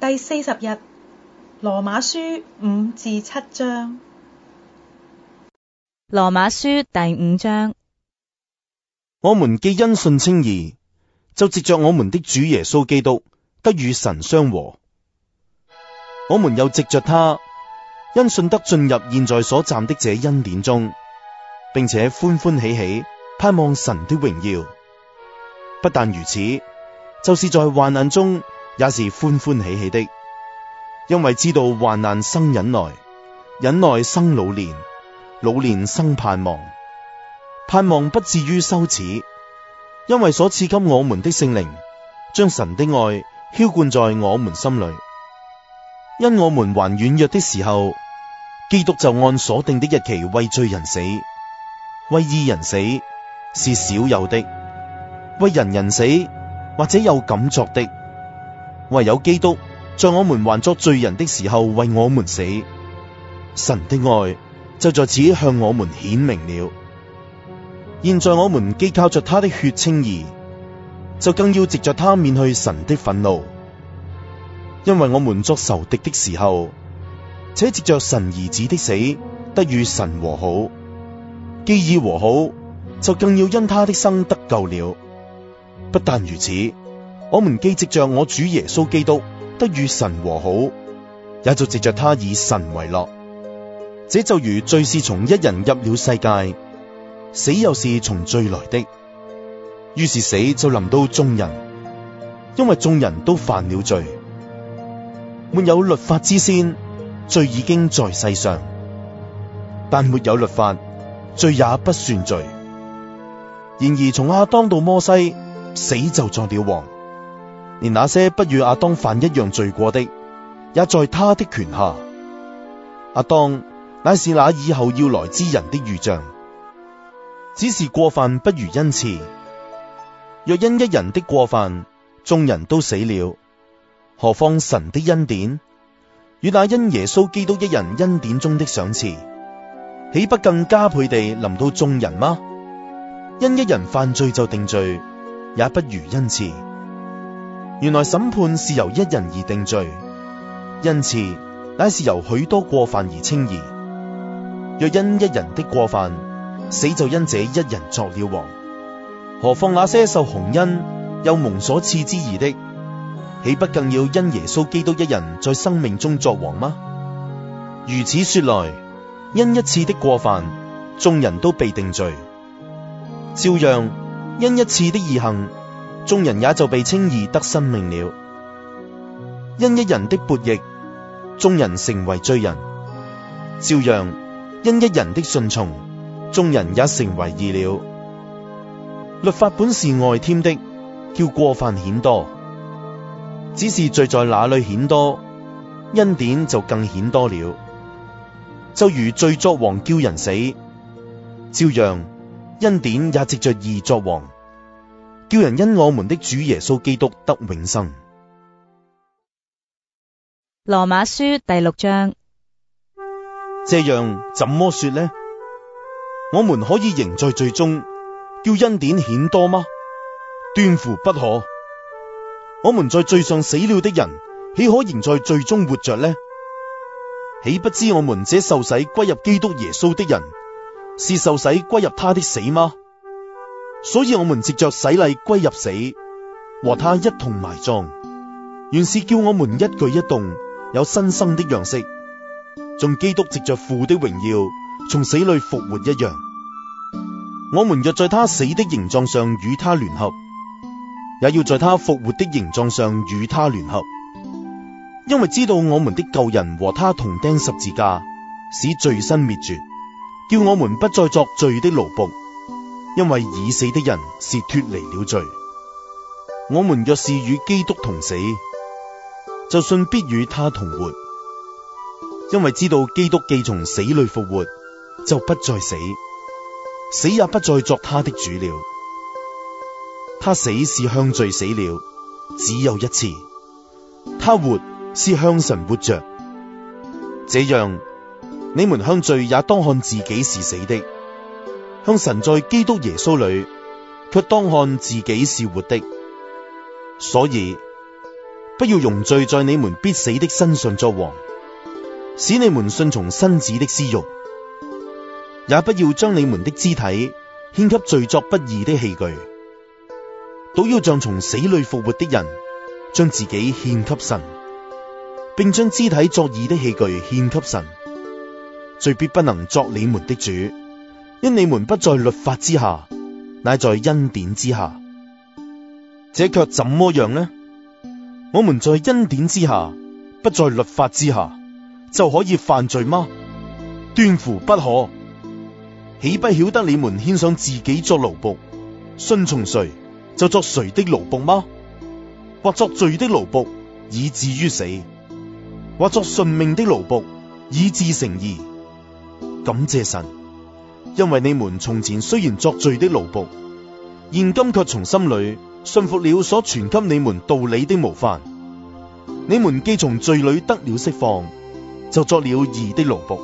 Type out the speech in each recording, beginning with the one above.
第四十日，羅馬書五至七章。羅馬書第五章，我們既因信稱義，就藉着我們的主耶穌基督得與神相和。我們又藉着他因信得進入現在所站的這恩典中，並且歡歡喜喜盼望神的榮耀。不但如此，就是在患難中。也是歡歡喜喜的，因為知道患難生忍耐，忍耐生老年，老年生盼望，盼望不至於羞恥。因為所賜給我們的聖靈，將神的愛澆灌在我們心裏。因我們還軟弱的時候，基督就按所定的日期為罪人死，為義人死是少有的，為人人死或者有敢作的。唯有基督在我們還作罪人的時候為我們死，神的愛就在此向我們顯明了。現在我們既靠着他的血稱義，就更要藉着他免去神的憤怒。因為我們作仇敵的時候，且藉着神兒子的死得與神和好，既已和好，就更要因他的生得救了。不但如此。我們既藉着我主耶穌基督得與神和好，也就藉着他以神為樂。這就如罪是從一人入了世界，死又是從罪來的，於是死就臨到眾人，因為眾人都犯了罪。沒有律法之先，罪已經在世上，但沒有律法，罪也不算罪。然而從亞當到摩西，死就作了王。連那些不與阿當犯一樣罪過的，也在他的權下。阿當乃是那以後要來之人的預像，只是過犯不如恩賜。若因一人的過犯，眾人都死了，何況神的恩典與那因耶穌基督一人恩典中的賞賜，豈不更加倍地臨到眾人嗎？因一人犯罪就定罪，也不如恩賜。原來審判是由一人而定罪，因此乃是由許多過犯而稱義。若因一人的過犯，死就因這一人作了王，何況那些受洪恩又蒙所賜之義的，豈不更要因耶穌基督一人在生命中作王嗎？如此說來，因一次的過犯，眾人都被定罪；照樣，因一次的義行。眾人也就被稱義得生命了，因一人的悖逆，眾人成為罪人；照樣因一人的順從，眾人也成為義了。律法本是外添的，叫過犯顯多；只是罪在哪裏顯多，恩典就更顯多了。就如罪作王叫人死，照樣恩典也藉着義作王。叫人因我們的主耶穌基督得永生。羅馬書第六章，這樣怎麼說呢？我們可以仍在罪中叫恩典顯多嗎？斷乎不可。我們在罪上死了的人，豈可仍在罪中活着呢？豈不知我們這受洗歸入基督耶穌的人，是受洗歸入他的死嗎？所以，我們藉着洗禮歸入死，和他一同埋葬，原是叫我們一舉一動有新生的樣式，像基督藉着父的榮耀從死裏復活一樣。我們若在他死的形狀上與他聯合，也要在他復活的形狀上與他聯合，因為知道我們的舊人和他同釘十字架，使罪身滅絕，叫我們不再作罪的奴僕。因為已死的人是脫離了罪，我們若是與基督同死，就信必與他同活。因為知道基督既從死裏復活，就不再死，死也不再作他的主了。他死是向罪死了，只有一次；他活是向神活着。這樣，你們向罪也當看自己是死的。向神在基督耶穌裏，卻當看自己是活的。所以，不要容罪在你們必死的身上作王，使你們順從身子的私欲；也不要將你們的肢體獻給罪作不義的器具，倒要像從死裏復活的人，將自己獻給神，並將肢體作義的器具獻給神。罪必不能作你們的主。因你們不在律法之下，乃在恩典之下。這卻怎麼樣呢？我們在恩典之下，不在律法之下，就可以犯罪嗎？斷乎不可。豈不曉得你們獻上自己作奴僕，順從誰就作誰的奴僕嗎？或作罪的奴僕，以至於死；或作順命的奴僕，以至成義。感謝神。因為你們從前雖然作罪的奴僕，現今却從心裏信服了所傳給你們道理的模範。你們既從罪裏得了釋放，就作了義的奴僕。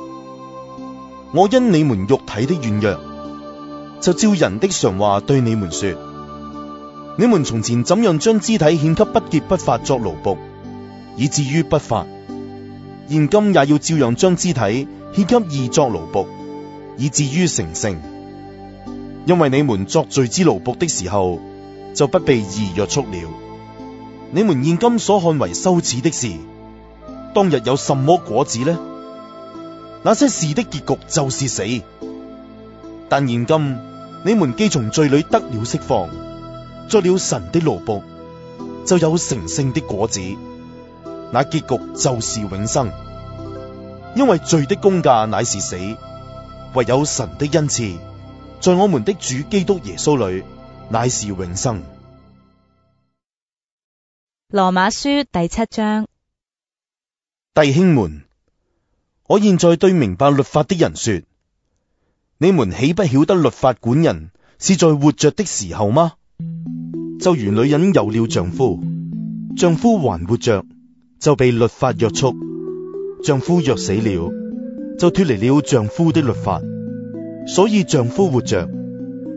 我因你們肉體的軟弱，就照人的常話對你們說：你們從前怎樣將肢體獻給不潔不法作奴僕，以至於不法，現今也要照樣將肢體獻給義作奴僕，以至於成聖，因為你們作罪之奴僕的時候，就不被義約束了。你們現今所看為羞恥的事，當日有什麼果子呢？那些事的結局就是死。但現今，你們既從罪裏得了釋放，作了神的奴僕，就有成聖的果子，那結局就是永生。因為罪的工價乃是死。唯有神的恩賜，在我們的主基督耶穌裏，乃是永生。羅馬書第七章，弟兄們，我現在對明白律法的人說，你們豈不曉得律法管人是在活着的時候嗎？就如女人有了丈夫，丈夫還活着，就被律法約束；丈夫若死了，就脫離了丈夫的律法，所以丈夫活着，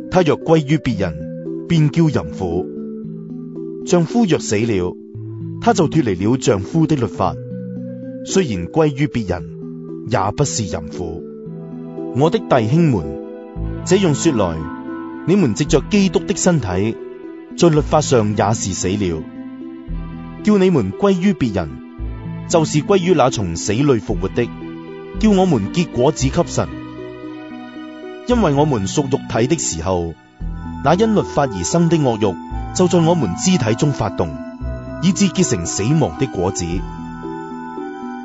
他若歸於別人，便叫淫婦；丈夫若死了，他就脫離了丈夫的律法，雖然歸於別人，也不是淫婦。我的弟兄們，這樣說來，你們藉着基督的身體，在律法上也是死了。叫你們歸於別人，就是歸於那從死裏復活的。叫我們結果子給神，因為我們屬肉體的時候，那因律法而生的惡欲就在我們肢體中發動，以致結成死亡的果子。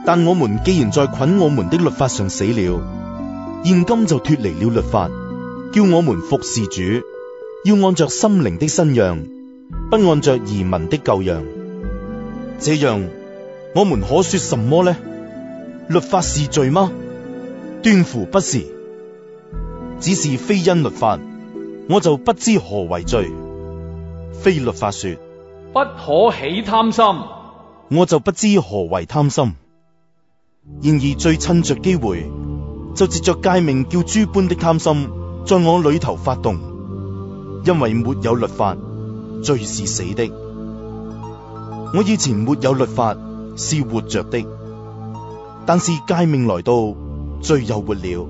但我們既然在捆我們的律法上死了，現今就脫離了律法，叫我們服事主，要按着心靈的新樣，不按着儀文的舊樣。這樣，我們可說什麼呢？律法是罪嗎？斷乎不是，只是非因律法，我就不知何為罪。非律法說不可起貪心，我就不知何為貪心。然而罪趁着機會，就藉着誡命叫諸般的貪心，在我裏頭發動，因為沒有律法，罪是死的。我以前沒有律法是活着的。但是誡命來到，罪又活了，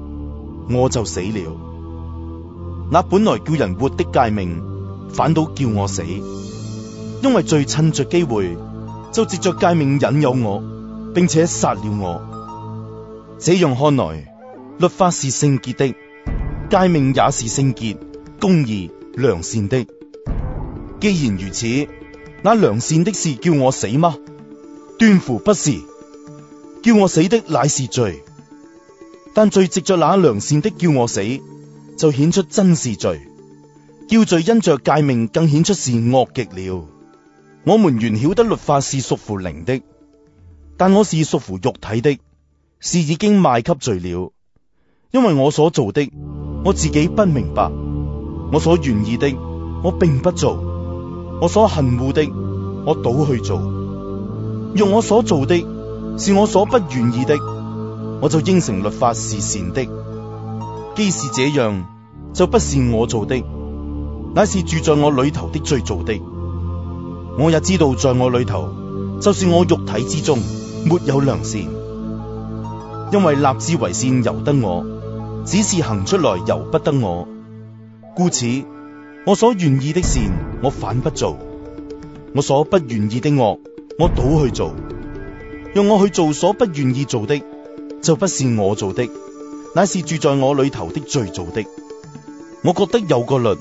我就死了。那本來叫人活的誡命，反倒叫我死，因為罪趁着機會就藉着誡命引誘我，並且殺了我。這樣看來，律法是聖潔的，誡命也是聖潔、公義、良善的。既然如此，那良善的是叫我死嗎？斷乎不是。叫我死的乃是罪，但罪藉着那良善的叫我死，就顯出真是罪。叫罪因着戒命更顯出是惡極了。我們原曉得律法是屬乎靈的，但我是屬乎肉體的，是已經賣給罪了。因為我所做的，我自己不明白；我所願意的，我並不做；我所恨惡的，我倒去做。若我所做的，是我所不願意的，我就應承律法是善的。既是這樣，就不是我做的，乃是住在我裏頭的罪做的。我也知道在我裏頭，就是我肉體之中沒有良善，因為立志為善由得我，只是行出來由不得我。故此，我所願意的善我反不做；我所不願意的惡我倒去做。用我去做所不願意做的，就不是我做的，乃是住在我裏頭的罪做的。我覺得有個律，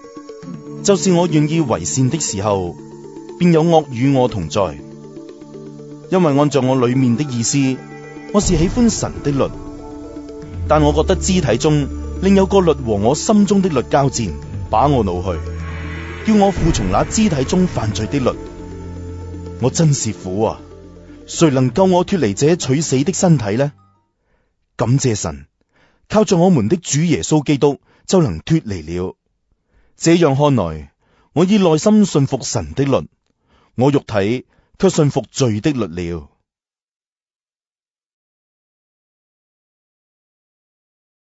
就是我願意為善的時候，便有惡與我同在。因為按照我裏面的意思，我是喜歡神的律，但我覺得肢體中另有個律和我心中的律交戰，把我擄去，叫我附從那肢體中犯罪的律。我真是苦啊！誰能救我脫離這取死的身體呢？感謝神，靠着我們的主耶穌基督就能脫離了。這樣看來，我以內心信服神的律，我肉體卻信服罪的律了。